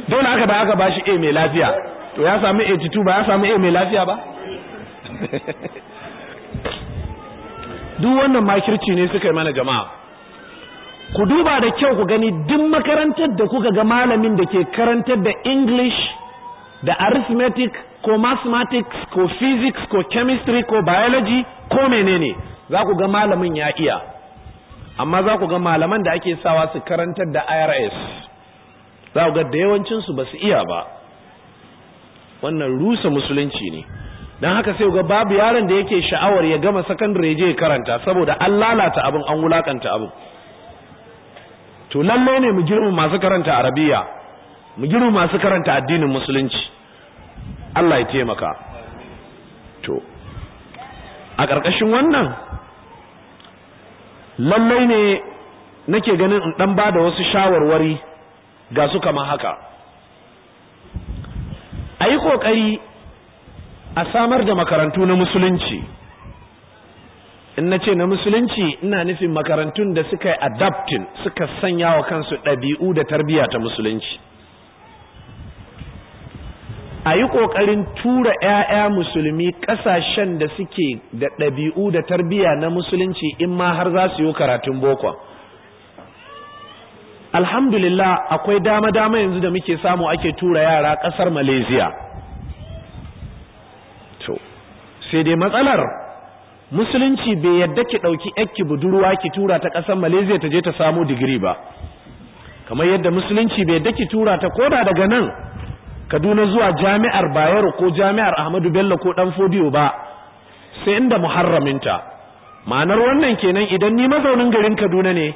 dole aka da aka bashi a mai lafiya to ya sami 82 ba ya sami a mai lafiya ba duk wannan makirci ne suka yi mana jama'a ku duba da kyau ku gani duk makarantar da kuka ga malamin da ke karantar da english da arithmetic ko mathematics ko physics ko chemistry ko biology ko menene za ku ga malamin ya iya amma za ku ga malaman da ake sawa su karantar da irs za ku ga da yawancinsu ba su iya ba wannan rusa musulunci ne don haka sai ga babu yaron da yake sha'awar ya gama sakandare je karanta saboda an lalata abin an wulakanta abin to lalle ne mu girma masu karanta arabiya mu girma masu karanta addinin musulunci Allah ya taimaka to a ƙarƙashin wannan lallai ne nake ganin in ɗan ba da wasu shawarwari ga su kama haka a yi ƙoƙari a samar da makarantu na musulunci in na ce na musulunci ina nufin makarantun da suka yi adaptin suka sanya wa kansu ɗabi'u da tarbiyya ta musulunci a yi ƙoƙarin tura 'ya'ya musulmi ƙasashen da suke da ɗabi'u da tarbiyya na musulunci in ma har za su yi karatun bokon. alhamdulillah akwai dama dama yanzu da muke samu ake tura yara kasar malaysia to sai dai matsalar musulunci bai yadda ki dauki yakki budurwa ki tura ta kasar malaysia ta je ta samu digiri ba kamar yadda musulunci bai yadda ki tura ta koda daga nan kaduna zuwa jami'ar bayero ko jami'ar ahmadu bello ko dan fodiyo ba sai inda muharraminta ma'anar wannan kenan idan ni mazaunin garin kaduna ne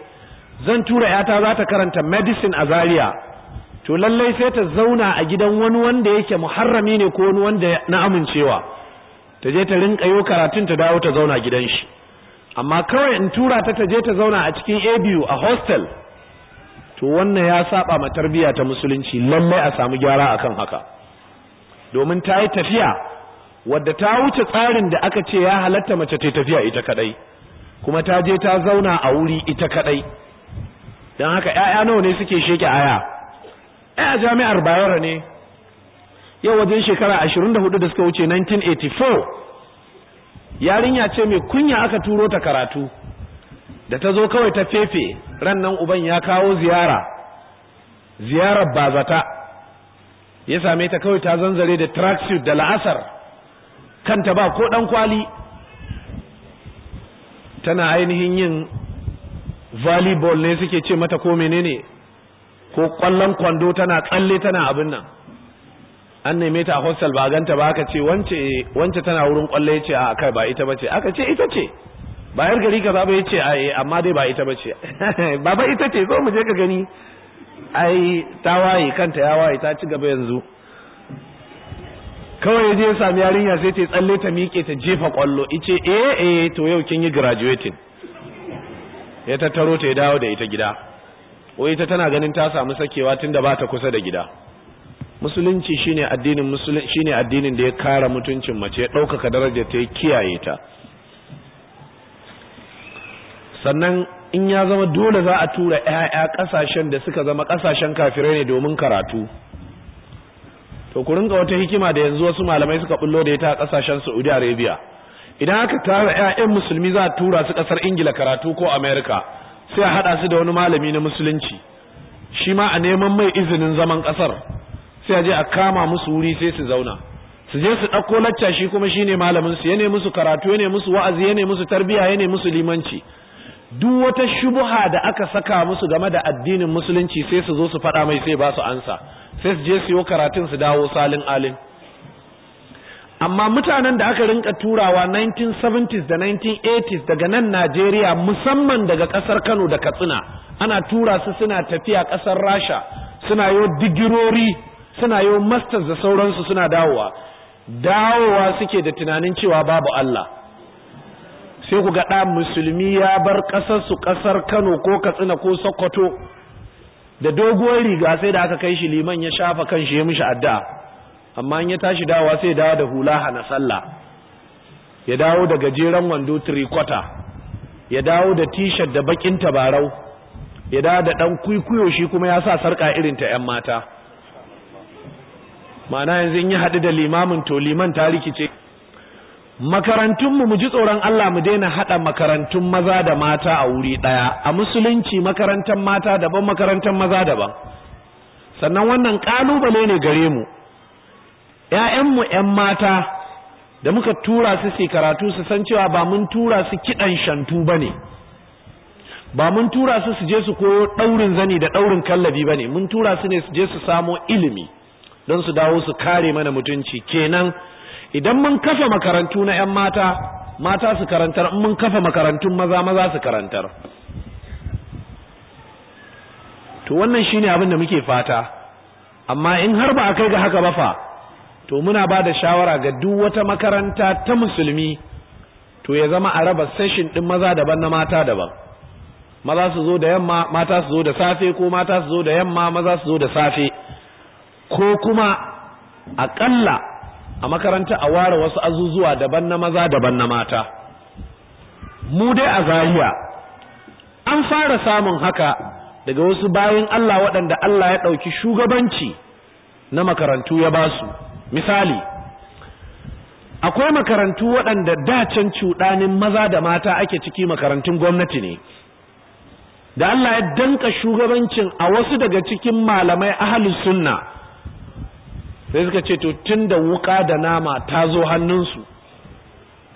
zan tura yata za ta karanta medicine a Zariya to lallai sai ta zauna a gidan wani wanda yake muharrami ne ko wani wanda na amincewa ta je ta rinka yo karatun ta dawo ta zauna gidan shi amma kawai in tura ta ta je ta zauna a cikin ABU a hostel to wannan ya saba ma tarbiya ta musulunci lallai a samu gyara akan haka domin ta yi tafiya wadda ta wuce tsarin da aka ce ya halatta mace ta tafiya ita kadai kuma ta je ta zauna a wuri ita kadai don haka ‘ya'ya nawa ne suke sheke aya ‘ya'ya jami'ar bayero ne yau wajen shekara 24 da suka wuce 1984 yarinya ce mai kunya aka turo ta karatu da ta zo kawai ta fefe ran nan uban ya kawo ziyara ziyarar bazata ya same ta kawai ta zanzare da tracksuit da la'asar kanta ba ko ɗan kwali tana ainihin yin volleyball ne suke ce mata ko menene ko kwallon kwando tana tsalle tana abin nan an neme ta a hostel ba ganta ba aka ce wance wance tana wurin kwallo ce a kai ba ita bace aka ce ita ce bayar gari ka ba yace ai eh, amma dai ba ita bace baba ita ce zo mu je ka gani ai ta waye kanta ya waye ta ci gaba yanzu kawai ya je ya sami yarinya sai ta tsalle ta miƙe ta jefa kwallo ice eh eh to yau kin yi graduating ya tattaro ta ya dawo da ita gida ko ita tana ganin ta samu sakewa tunda ba ta kusa da gida musulunci shine addinin musulunci shine addinin da ya kara mutuncin mace ya ɗaukaka darajar ta ya kiyaye ta sannan in ya zama dole za a tura ƴaƴa ƙasashen da suka zama ƙasashen kafirai ne domin karatu to ku rinka wata hikima da yanzu wasu malamai suka bullo da ita a kasashen Saudi Arabia idan aka tara 'ya'yan musulmi za a tura su kasar ingila karatu ko Amerika sai a haɗa su da wani malami na musulunci shi ma a neman mai izinin zaman kasar sai a je a kama musu wuri sai su zauna su je su ɗauko lacca shi kuma shi ne malaminsu ya ne musu karatu ya musu wa'azi ya ne musu tarbiya ya musu limanci duk wata shubuha da aka saka musu game da addinin musulunci sai su zo su faɗa mai sai ba su ansa sai su je su yi karatun su dawo salin alin amma mutanen da aka rinka turawa 1970s da 1980s daga nan Najeriya musamman daga ƙasar Kano da Katsina ana tura su suna tafiya ƙasar Rasha suna yo digirori suna yo masters da sauransu suna dawowa dawowa suke da tunanin cewa babu Allah sai ku ga ɗan musulmi ya bar ƙasar su ƙasar Kano ko Katsina ko Sokoto da doguwar riga sai da aka kai shi liman ya shafa kanshi ya mishi addu'a amma in ya tashi dawa sai dawa da hula hana sallah ya dawo da gajeren wando tirikwata ya dawo da t-shirt da bakin tabarau ya dawo da dan kwikwiyo shi kuma ya sa sarka irin ta yan mata mana yanzu in ya haɗu da limamin to liman ta rikice makarantunmu mu ji tsoron Allah mu daina haɗa makarantun maza da mata a wuri ɗaya a musulunci makarantar mata daban makarantar maza daban sannan wannan ƙalubale ne gare mu ‘ya'yanmu ‘yan mata da muka tura su su karatu su san cewa ba mun tura su kiɗan shantu ba ne ba mun tura su su je su koyo ɗaurin zani da ɗaurin kallabi ba ne mun tura su ne su je su samo ilimi don su dawo su kare mana mutunci kenan idan mun kafa makarantu na ‘yan mata mata su karantar mun kafa makarantun maza maza su karantar to wannan shine abin da muke fata amma in har ba a kai ga haka ba fa to muna ba da shawara ga duk wata makaranta ta musulmi to ya zama a raba session ɗin maza daban na mata daban maza su zo da yamma mata su zo da safe ko mata su zo da yamma maza su zo da safe ko kuma aƙalla a makaranta a ware wasu azuzuwa daban na maza daban na mata mu dai a zahiya an fara samun haka daga wasu bayan Allah waɗanda Allah ya ɗauki shugabanci na makarantu ya basu misali akwai makarantu waɗanda dacen cuɗanin maza da mata ake ciki makarantun gwamnati ne da Allah ya danka shugabancin a wasu daga cikin malamai ahalus sunna sai suka ce to da wuka da nama ta zo hannunsu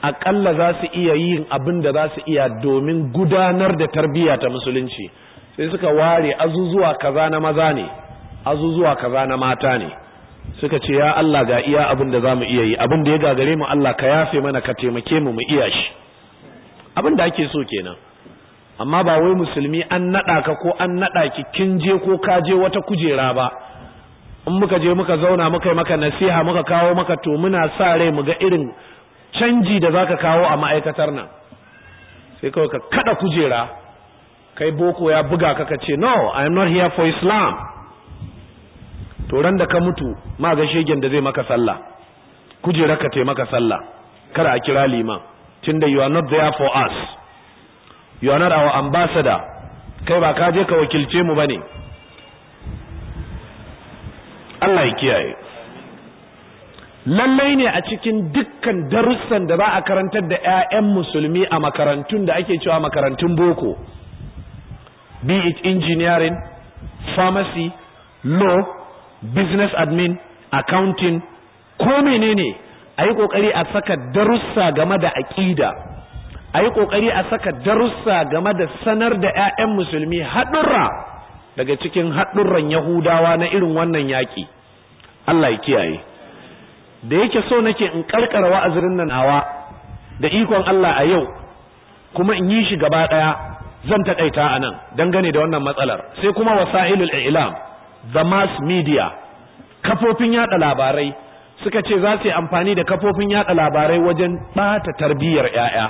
akalla za su iya yin abin da za su iya domin gudanar da tarbiyya ta musulunci sai suka ware azuzuwa kaza na maza ne azuzuwa kaza na mata ne suka ce ya Allah ga iya abin da zamu iya yi abin da ya gagare mu Allah ka yafe mana ka taimake mu mu iya shi abin da ake so kenan amma ba wai musulmi an naɗa ka ko an naɗa ki kin je ko ka je wata kujera ba in muka je muka zauna muka yi maka nasiha muka kawo maka to muna sa rai mu ga irin canji da zaka kawo a ma'aikatar nan sai kawai ka kada kujera kai boko ya buga ka ka ce no i am not here for islam to ran da ka mutu ma ga shegen da zai maka sallah kujera ka taimaka sallah kada a kira liman tunda you are not there for us you are not our ambassador kai ba ka je ka wakilce mu bane Allah ya kiyaye lallai ne a cikin dukkan darussan da ba a karantar da 'ya'yan musulmi a makarantun da ake cewa makarantun boko be it engineering pharmacy law business admin accounting ko menene a yi ƙoƙari a saka darussa game da aƙida a yi ƙoƙari a saka darussa game da sanar da 'ya'yan musulmi haɗurra daga cikin haɗurran yahudawa na irin wannan yaƙi Allah ya kiyaye da yake so nake in ƙarƙara wa'azirin nan nawa da ikon Allah a yau kuma in yi shi gaba ɗaya zan taƙaita a nan dangane da wannan matsalar sai kuma wasa'ilul ilam the mass media kafofin yada labarai suka ce za su yi amfani da kafofin yada labarai wajen bata tarbiyyar yaya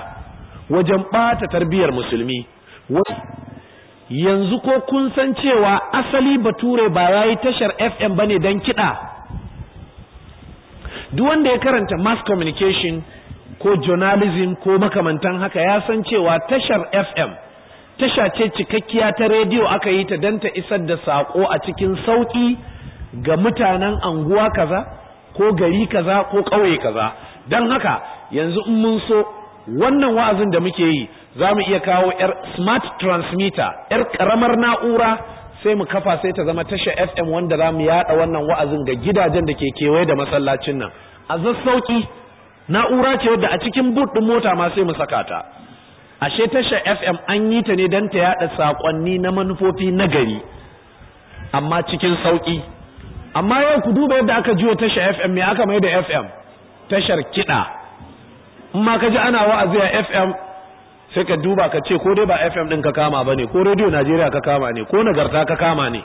wajen bata tarbiyyar musulmi yanzu ko kun san cewa asali bature ba yi tashar FM ba ne don kiɗa duk wanda ya karanta mass communication ko journalism ko makamantan haka ya san cewa tashar FM tasha ce cikakkiya ta rediyo aka yi ta don ta isar da saƙo a cikin sauƙi ga mutanen anguwa kaza ko gari kaza ko ƙauye kaza don haka yanzu in mun so wannan wa'azin da muke yi za mu iya kawo yar smart transmitter yar karamar na'ura sai mu kafa sai ta zama tasha fm wanda za mu yada wannan wa'azin ga gidajen da ke kewaye da masallacin nan a zassauƙi na'ura ce wadda a cikin but ɗin mota ma sai mu saka ta ashe tashar fm an yi ta ne don ta yada saƙonni na manufofi na gari amma cikin sauƙi amma yau ku duba yadda aka jiwo tashar fm me aka mai da fm tashar kiɗa in ma ka ji ana wa'azi a fm sai ka duba ka ce ko dai ba fm ɗin ka kama ba ne ko rediyo najeriya ka kama ne ko nagarta ka kama ne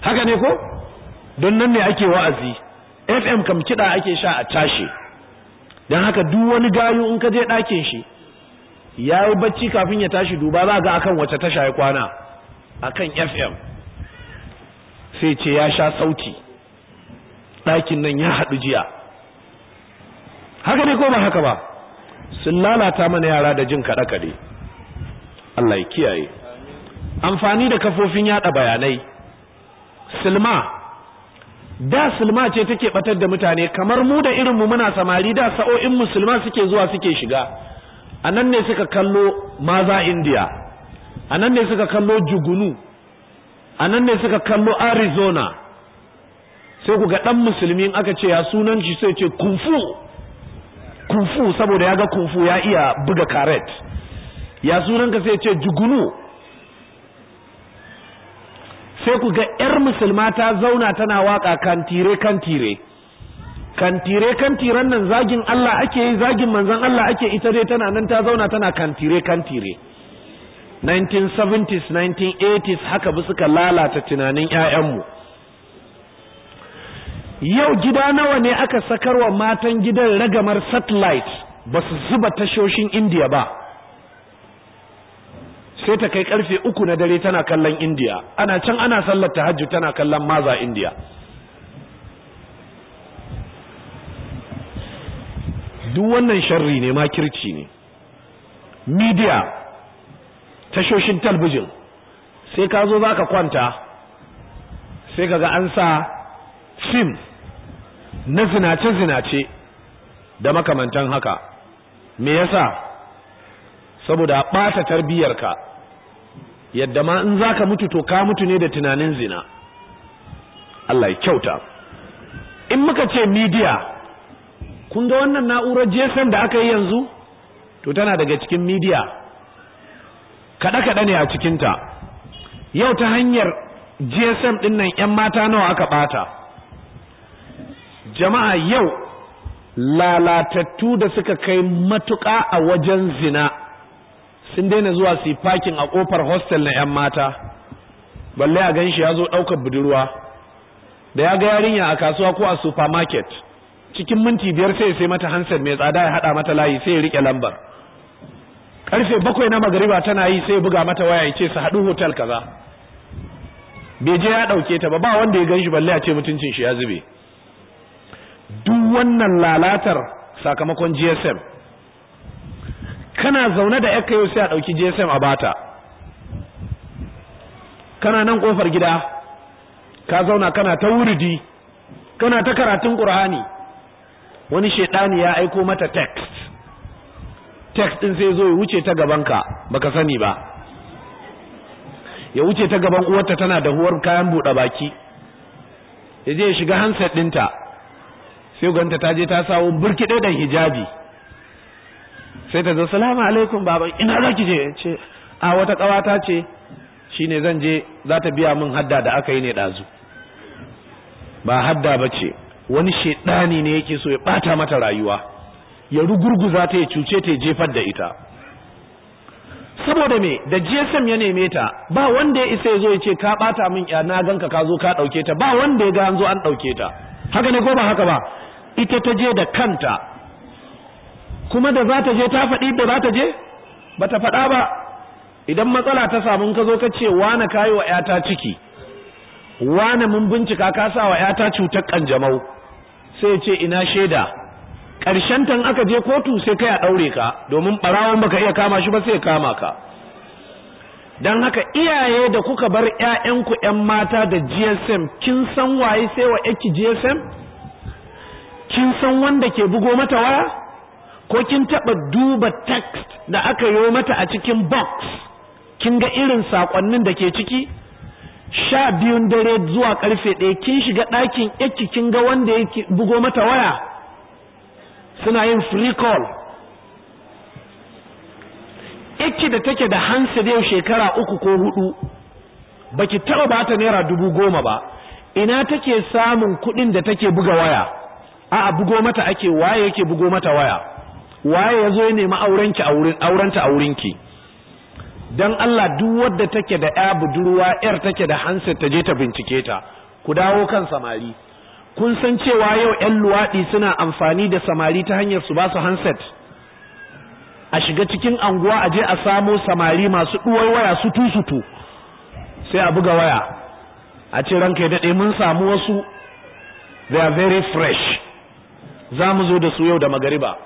haka ne ko don nan ne ake wa'azi fm kam kiɗa ake sha a tashi don haka duk wani gayu in ka je ɗakin shi ya yi bacci kafin ya tashi duba za ga akan wace tasha ya kwana akan fm sai ce ya sha sauti ɗakin nan ya haɗu jiya haka ne ko ba haka ba sun lalata mana yara da jin kaɗe-kaɗe Allah ya kiyaye amfani da kafofin yaɗa bayanai silma da silma ce take ɓatar da mutane kamar mu da irin mu muna samari da sa'o'in musulma suke zuwa suke shiga a nan ne suka kallo maza india a nan ne suka kallo jugunu a nan ne suka kallo arizona sai ku ga ɗan musulmi aka ce ya sunan shi sai ce kunfu kunfu saboda ya ga kunfu ya iya buga karet ya sunanka sai ce jugunu sai ku ga 'yar musulma ta zauna tana waka kantire kantire kantire kantiren nan zagin Allah ake yi zagin manzon Allah ake ita dai tana nan ta zauna tana kantire kantire 1970s 1980s haka bi suka lalata tunanin ƴaƴanmu yau gida nawa ne aka sakarwa matan gidan ragamar satellite ba su zuba tashoshin Indiya ba sai ta kai karfe uku na dare tana kallon India ana can ana sallar Hajji tana kallon maza Indiya. duk wannan sharri ne ma makirci ne media tashoshin talbijin sai ka zo za ka kwanta sai ka ga an sa fim na zinace-zinace da makamantan haka me yasa saboda ɓata tarbiyyarka yadda ma in za ka mutu to ka mutu ne da tunanin zina Allah ya kyauta in muka ce media kun ga wannan na'urar jesan da aka yi yanzu to tana daga cikin midiya kaɗe-kaɗe ne a cikinta yau ta hanyar jesan ɗin nan 'yan mata nawa aka ɓata jama'a yau lalatattu da suka kai matuƙa a wajen zina sun daina zuwa su yi a ƙofar hostel na 'yan mata balle a gan shi ya zo ɗaukar budurwa da ya ga yarinya a kasuwa ko a supermarket cikin minti biyar sai sai mata hansar mai tsada ya hada mata layi sai ya rike lambar karfe bakwai na magariba tana yi sai buga mata waya ya ce su haɗu hotel kaza bai je ya ɗauke ta ba ba wanda ya gan shi balle a ce mutuncin shi ya zube duk wannan lalatar sakamakon gsm kana zaune da yaka yau sai a ɗauki gsm a bata kana nan ƙofar gida ka zauna kana ta wuridi kana ta karatun ƙur'ani wani shaidani ya aiko mata text text din sai zo ya wuce ta gaban gabanka baka sani ba ya wuce ta gaban uwarta tana da huwar kayan buɗe baki yaje ya shiga handset dinta sai ganta ta je ta sawo burkiɗe dan hijabi sai ta zo salamu alaikum baba ina zaki je ce a wata ƙawata ce shine zan je za ta biya min hadda da aka yi ne dazu ba hadda ba wani shedani ne yake so ya bata mata rayuwa ya rugurguza ta ya cuce ta ya jefar da ita saboda me da GSM ya neme ta ba wanda ya isa ya zo ya ce ka bata min ya na ganka ka zo ka dauke ta ba wanda ya ga an zo an dauke ta haka ne ko ba haka ba ita ta je da kanta kuma da za ta je ta faɗi da za ta je ba ta faɗa ba idan matsala ta samu ka zo ka ce wane kayi wa 'yata ciki wane mun bincika ka sa wa 'yata cutar kanjamau sai ce ina shaida ƙarshen tan aka je kotu sai kai a ɗaure ka domin ɓarawon baka iya kama shi ba sai kama ka don haka iyaye da kuka bar 'ya'yanku 'yan mata da gsm kin san waye sai wa yaki gsm kin san wanda ke bugo mata waya ko kin taɓa duba text da aka yo mata a cikin box kin ga irin saƙonnin da ke ciki sha biyun dare zuwa karfe ɗaya kin shiga ɗakin yake kin ga wanda ya bugo mata waya suna yin free call yake da take da hansa yau shekara uku ko hudu baki taɓa ba ta naira dubu goma ba ina take samun kuɗin da take buga waya a'a bugo mata ake waye yake bugo mata waya waye ya zo ya nemi aurenki a wurin aurenta a wurinki dan Allah duk wadda take da ya budurwa yar take da hanset ta je ta bincike ta ku dawo kan samari kun san cewa yau yan luwaɗi suna amfani da samari ta hanyar su ba su handset a shiga cikin anguwa a je a samo samari masu ɗuwar waya su tusutu sai a buga waya a ce ranka ya daɗe mun samu wasu they are very fresh za mu zo da su yau da magariba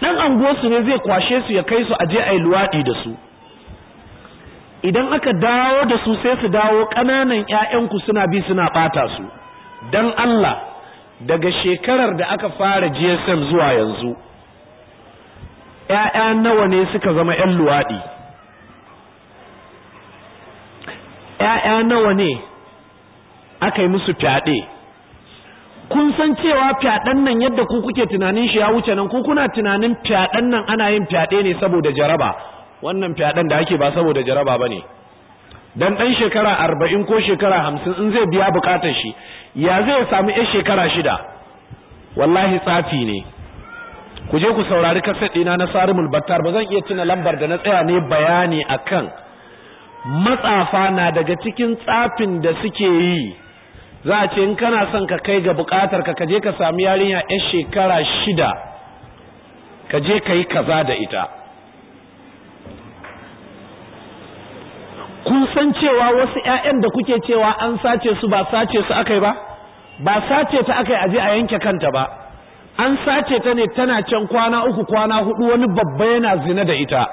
dan anguwarsu ne zai kwashe su ya kai su aje a yi luwaɗi da su idan aka dawo da su sai su dawo ƙananan ƴaƴanku suna bi suna ɓata su dan Allah daga shekarar da aka fara GSM zuwa yanzu ƴaƴa nawa ne suka zama ƴan luwaɗi ƴaƴa nawa ne aka yi musu fyaɗe kun san cewa fyaɗen nan yadda ku kuke tunanin shi ya wuce nan ku kuna tunanin fyaɗen nan ana yin fyaɗe ne saboda jaraba wannan fyaɗen da ake ba saboda jaraba ba ne dan ɗan shekara arba'in ko shekara hamsin in zai biya buƙatar shi ya zai samu yan shekara shida wallahi tsafi ne ku je ku saurari kaset ɗina na sarimul battar ba zan iya tuna lambar da na tsaya ne bayani akan matsafa na daga cikin tsafin da suke yi za a ce in kana son ka kai ga bukatar ka kaje ka sami yarinya yan shekara shida kaje ka yi kaza da ita kun san cewa wasu 'ya'yan da kuke cewa an sace su ba sace su akai ba ba sace ta akai aje a yanke kanta ba an sace ta ne tana can kwana uku kwana hudu wani babba yana zina da ita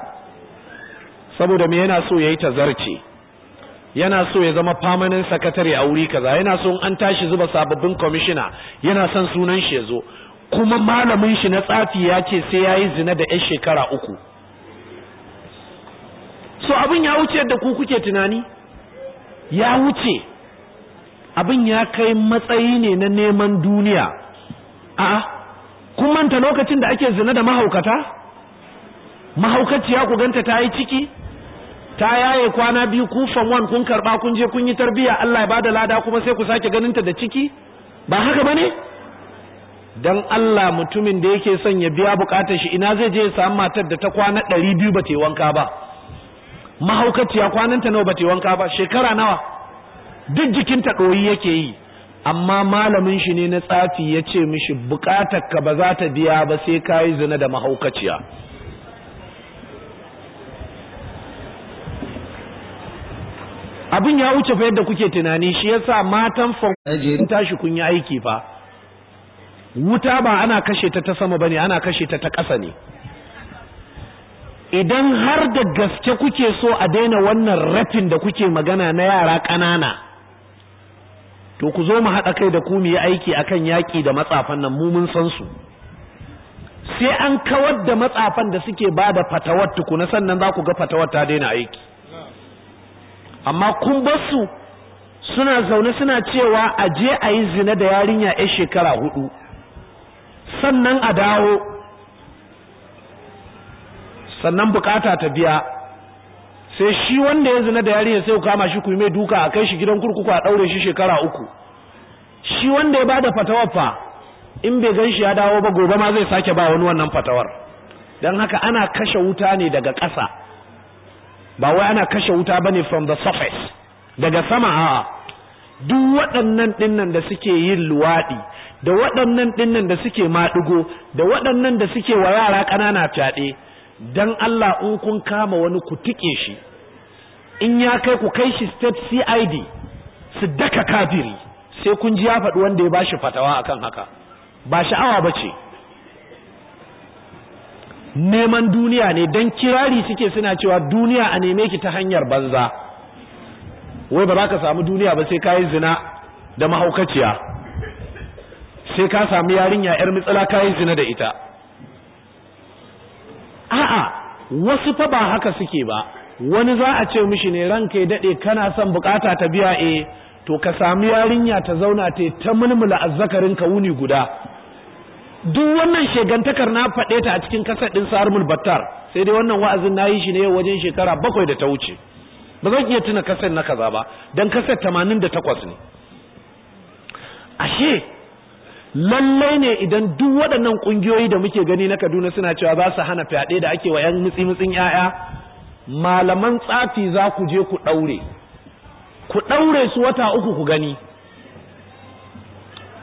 saboda me yana so yayi ta zarce yana so ya zama famanin sakatare a wuri kaza yana so an tashi zuba sababbin kwamishina yana son sunan shi ya zo kuma malamin shi na tsafi ya ce sai ya yi zina da 'yan shekara uku so abin ya wuce da ku kuke tunani ya wuce abin ya kai matsayi ne na neman duniya a kun manta lokacin da ake zina da mahaukata mahaukaciya ku ganta ta yi ciki ta yaye kwana biyu ku from one kun karba kun je kun yi tarbiya Allah ya bada lada kuma sai ku sake ganin da ciki ba haka bane dan Allah mutumin da yake son ya biya bukatar shi ina zai je ya samu matar da ta kwana 200 ba ta wanka ba mahaukaciya kwananta nawa ba ta wanka ba shekara nawa duk jikinta doyi yake yi amma malamin shi ne na tsafi ya ce mishi bukatar ka ba za ta biya ba sai kayi zina da mahaukaciya abin ya wuce fa yadda kuke tunani shi yasa matan farko tashi kun yi aiki fa wuta ba ana kashe ta ta sama bane ana kashe ta ta ƙasa ne idan har da gaske kuke so a daina wannan rafin da kuke magana na yara ƙanana to ku zo mu haɗa kai da ku mu yi aiki akan yaƙi da matsafan nan mu mun san su sai an kawar da matsafan da suke ba da fatawar tukuna sannan za ku ga fatawar ta daina aiki amma kun basu suna zaune suna cewa a je a yi zina da yarinya ya shekara hudu sannan a dawo sannan bukata ta biya sai shi wanda ya zina da yarinya sai ku kama shi ku yi mai duka a kai shi gidan kurkuku a daure shi shekara uku shi wanda ya bada fatawar fa in bai gan shi ya dawo ba gobe ma zai sake ba wani wannan fatawar don haka ana kashe wuta ne daga ƙasa ba wai ana kashe wuta bane from the surface daga sama a duk waɗannan dinnan da suke yin luwaɗi da waɗannan dinnan da suke maɗigo da waɗannan da suke wa yara ƙanana fyaɗe dan Allah in kun kama wani ku tike shi in ya kai ku kai shi state CID su daka kafiri sai kun ji ya faɗi wanda ya bashi fatawa akan haka ba sha'awa bace neman duniya ne don kirari suke suna cewa duniya a neme ki ta hanyar banza wai ba za ka samu duniya ba sai ka yi zina da mahaukaciya sai ka sami yarinya yar mitsala ka yi zina da ita a'a wasu fa ba haka suke ba wani za a ce mishi ne ranka ya daɗe kana son bukata ta biya e to ka sami yarinya ta zauna ta ta mulmula azzakarin ka wuni guda duk wannan shegantakar na faɗe ta a cikin kasar ɗin sa'armul battar sai dai wannan wa'azin na yi shi ne wajen shekara bakwai da ta wuce ba zan iya tuna kasar na kaza ba don kasar tamanin da takwas ne ashe lallai ne idan duk waɗannan ƙungiyoyi da muke gani na kaduna suna cewa za su hana fyaɗe da ake wa 'yan mutsi-mutsin 'ya'ya malaman tsafi za ku je ku ɗaure ku ɗaure su wata uku ku gani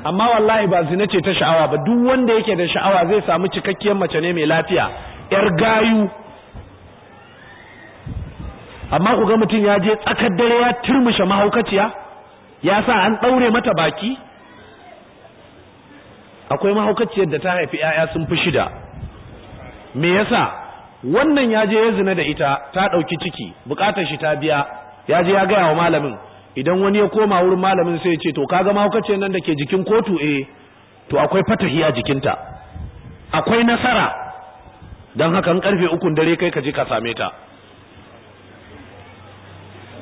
amma wallahi ba zina ce ta sha'awa ba duk wanda yake da sha'awa zai samu cikakkiyar mace ne mai lafiya yar gayu amma ku ga mutum ya je tsakar dare ya turmushe mahaukaciya ya sa an ɗaure mata baki akwai mahaukaciyar da ta haifi 'ya'ya sun fi shida me yasa wannan ya je ya zina da ita ta ɗauki ciki bukatar shi ta biya ya je ya gaya wa malamin idan wani ya koma wurin malamin sai ya ce to kaga ce nan da ke jikin kotu eh to akwai fatahi a jikinta akwai nasara don haka karfe ukun dare kai ka je ka same ta